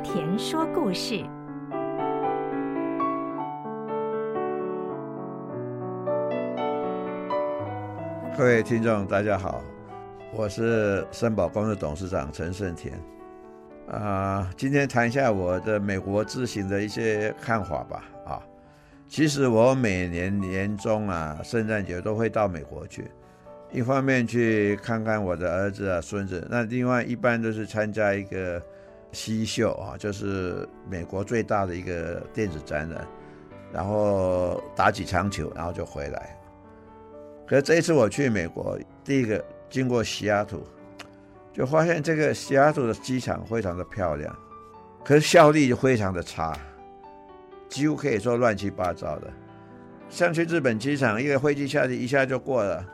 沺說故事。各位聽眾，大家好，我是聲寶公司董事長陳盛沺。啊、呃，今天談一下我的美國之行的一些看法吧。啊，其實我每年年終啊，聖誕節都會到美國去，一方面去看看我的兒子啊、孫子，那另外一般都是參加一個。西秀啊，就是美國最大的一個電子展覽，然後打幾場球，然後就回來。可是，這一次我去美國，第一個經過西雅圖，就發現這個西雅圖的機場非常的漂亮，可是效率就非常的差，幾乎可以說亂七八糟的。像去日本機場，一個飛機下去一下就過了，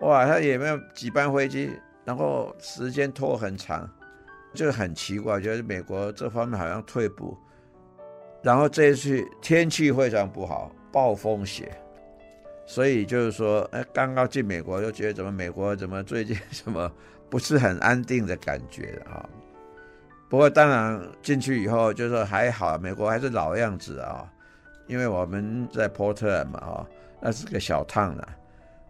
哇，他也沒有幾班飛機，然後時間拖很長。就很奇怪，覺得美國這方面好像退步，然後這一次天氣非常不好，暴風雪，所以就是說，哎，剛剛進美國就覺得怎麼美國怎麼最近什麼不是很安定的感覺啊、哦？不過當然進去以後就是還好，美國還是老樣子啊、哦，因為我們在波特蘭嘛啊、哦，那是個小 town 了，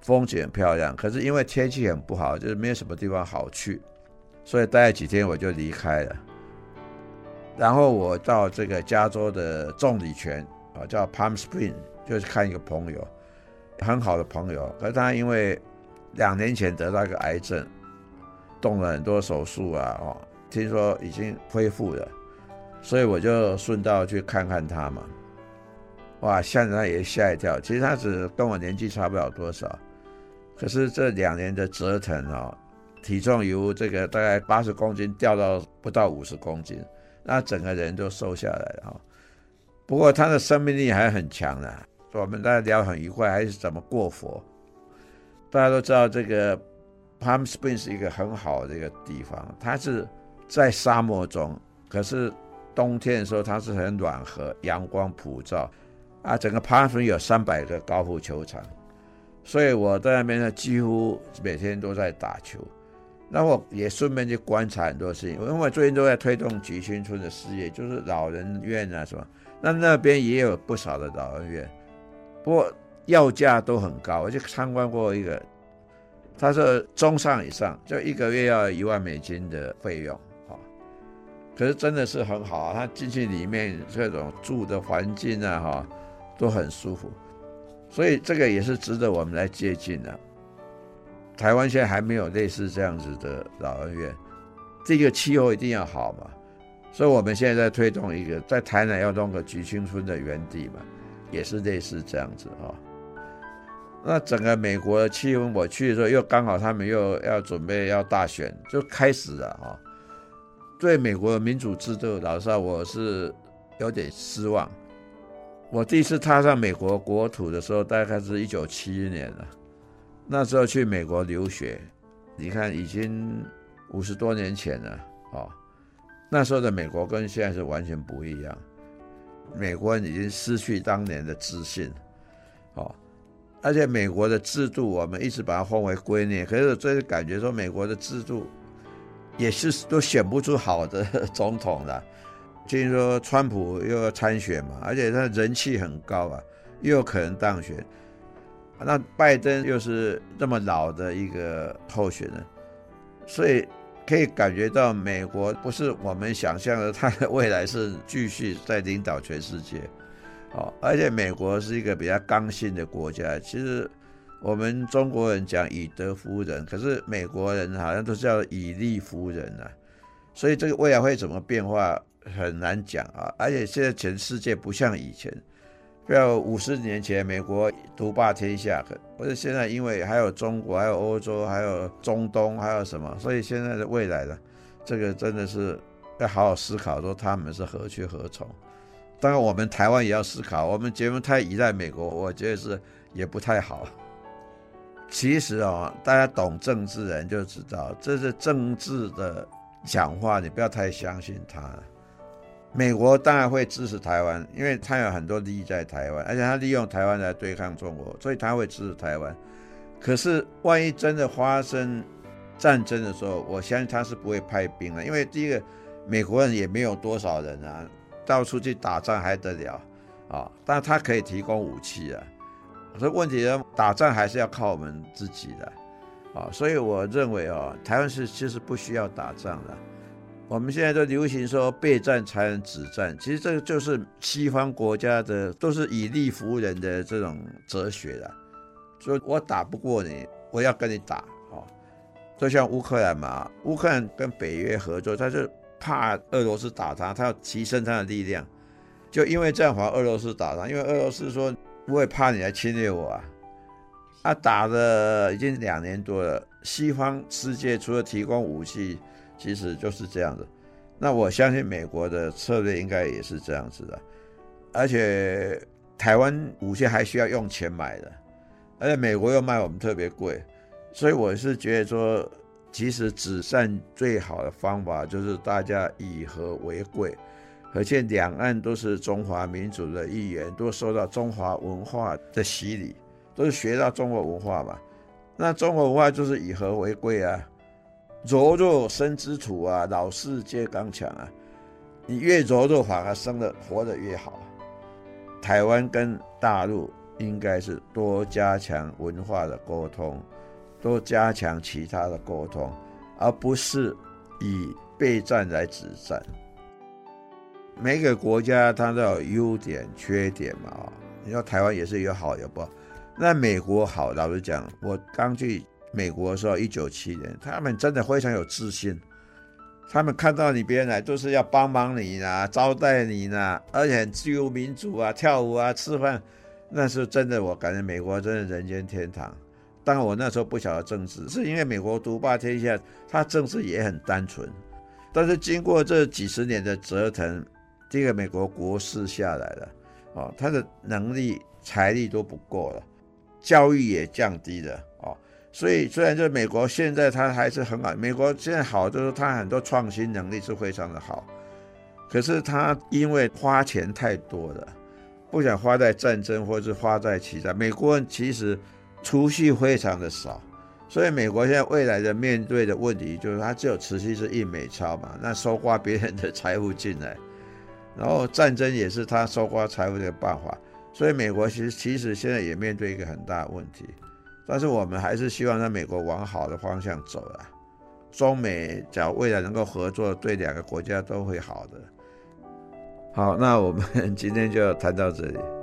風景很漂亮，可是因為天氣很不好，就是沒有什麼地方好去。所以待了幾天，我就離開了。然後我到這個加州的棕櫚泉啊，叫 Palm Springs，就是看一個朋友，很好的朋友。可是，他因為兩年前得到一個癌症，動了很多手術啊，哦，聽說已經恢復了。所以我就順道去看看他嘛。哇，現在也嚇一跳。其實他只跟我年紀差不了多少，可是這兩年的折騰啊。體重由這個大概八十公斤掉到不到五十公斤，那整個人就瘦下來了。不過他的生命力還很強的、啊。我們大家聊很愉快，還是怎麼過活？大家都知道這個 Palm Springs 是一個很好的一個地方，它是在沙漠中，可是冬天的時候它是很暖和，陽光普照啊。整個 Palm Springs 有三百個高爾夫球場，所以我在那邊呢，幾乎每天都在打球。那我也順便去觀察很多事情，因為我最近都在推動集訓村的事業，就是老人院啊什麼。那那邊也有不少的老人院，不過要價都很高。我去參觀過一個，他說中上以上，就一個月要一萬美金的費用啊。可是真的是很好啊，他進去裡面這種住的環境啊哈，都很舒服，所以這個也是值得我們來借鑑的、啊。台灣現在還沒有類似這樣子的老人院，這個氣候一定要好嘛，所以我們現在在推動一個在台南要弄個菊青村的園地嘛，也是類似這樣子啊、哦。那整個美國的氣溫，我去的時候又剛好他們又要準備要大選，就開始了啊、哦。對美國的民主制度，老實說我是有點失望。我第一次踏上美國國土的時候，大概是一九七一年了。那時候去美國留學，你看已經五十多年前了哦，那時候的美國跟現在是完全不一樣，美國已經失去當年的自信哦，而且美國的制度，我們一直把它奉為圭臬，可是我最近感覺說美國的制度也是都選不出好的總統了。聽說川普又要參選嘛，而且他人氣很高啊，又有可能當選。那拜登又是這麼老的一個候選人，所以可以感覺到美國不是我們想象的，他的未來是繼續在領導全世界。哦，而且美國是一個比較剛性的國家。其實我們中國人講以德服人，可是美國人好像都是要以力服人啊。所以這個未來會怎麼變化很難講啊。而且現在全世界不像以前。不要五十年前美國獨霸天下，不是現在，因為還有中國，還有歐洲，還有中東，還有什麼？所以現在的未來呢，這個真的是要好好思考，說他們是何去何從。當然，我們台灣也要思考，我們節目太依賴美國，我覺得是也不太好。其實啊、哦，大家懂政治人就知道，這是政治的講話，你不要太相信他。美國當然會支持台灣，因為他有很多利益在台灣，而且他利用台灣來對抗中國，所以他會支持台灣。可是，萬一真的發生戰爭的時候，我相信他是不會派兵了、啊，因為第一個，美國人也沒有多少人啊，到處去打仗還得了啊、哦？但他可以提供武器啊。所以問題呢，打仗還是要靠我們自己的啊、哦。所以我認為啊、哦，台灣是其實不需要打仗的。我們現在都流行說備戰才能止戰，其實這個就是西方國家的都是以力服人的這種哲學。所以我打不過你，我要跟你打啊、哦！就像烏克蘭嘛，烏克蘭跟北約合作，他就怕俄羅斯打他，他要提升他的力量，就因為這樣，華俄羅斯打他，因為俄羅斯說不會怕你來侵略我啊。他、啊、打的已經兩年多了，西方世界除了提供武器。其實就是這樣子，那我相信美國的策略應該也是這樣子的，而且台灣武器還需要用錢買的，而且美國又賣我們特別貴，所以我是覺得說，其實止戰最好的方法就是大家以和為貴，而且兩岸都是中華民族的一員，都受到中華文化的洗禮，都是學到中國文化嘛，那中國文化就是以和為貴啊。柔弱生之徒啊，老死皆剛強啊，你越柔弱反而生的活得越好。台灣跟大陸應該是多加強文化的溝通，多加強其他的溝通，而不是以備戰來止戰。每個國家它都有優點缺點嘛，你說台灣也是有好有不好，那美國好，老實講，我剛去。美國的時候一九七〇年，他們真的非常有自信。他們看到你別人來，都、就是要幫幫你啊招待你呢、啊。而且自由民主啊，跳舞啊，吃飯，那時候真的。我感覺美國真的人間天堂。但我那時候不曉得政治，是因為美國獨霸天下，他政治也很單純。但是經過這幾十年的折騰，這個美國國勢下來了啊，他、哦、的能力、財力都不夠了，教育也降低了。所以，雖然就美國現在它還是很好。美國現在好就是它很多創新能力是非常的好，可是它因為花錢太多了，不想花在戰爭或者是花在其他。美國人其實儲蓄非常的少，所以美國現在未來的面對的問題就是它只有持續是印美鈔嘛，那收刮別人的財富進來，然後戰爭也是它收刮財富的辦法。所以美國其實其實現在也面對一個很大的問題。但是我們還是希望在美國往好的方向走啊！中美只要未來能夠合作，對兩個國家都會好的。好，那我們今天就談到這裡。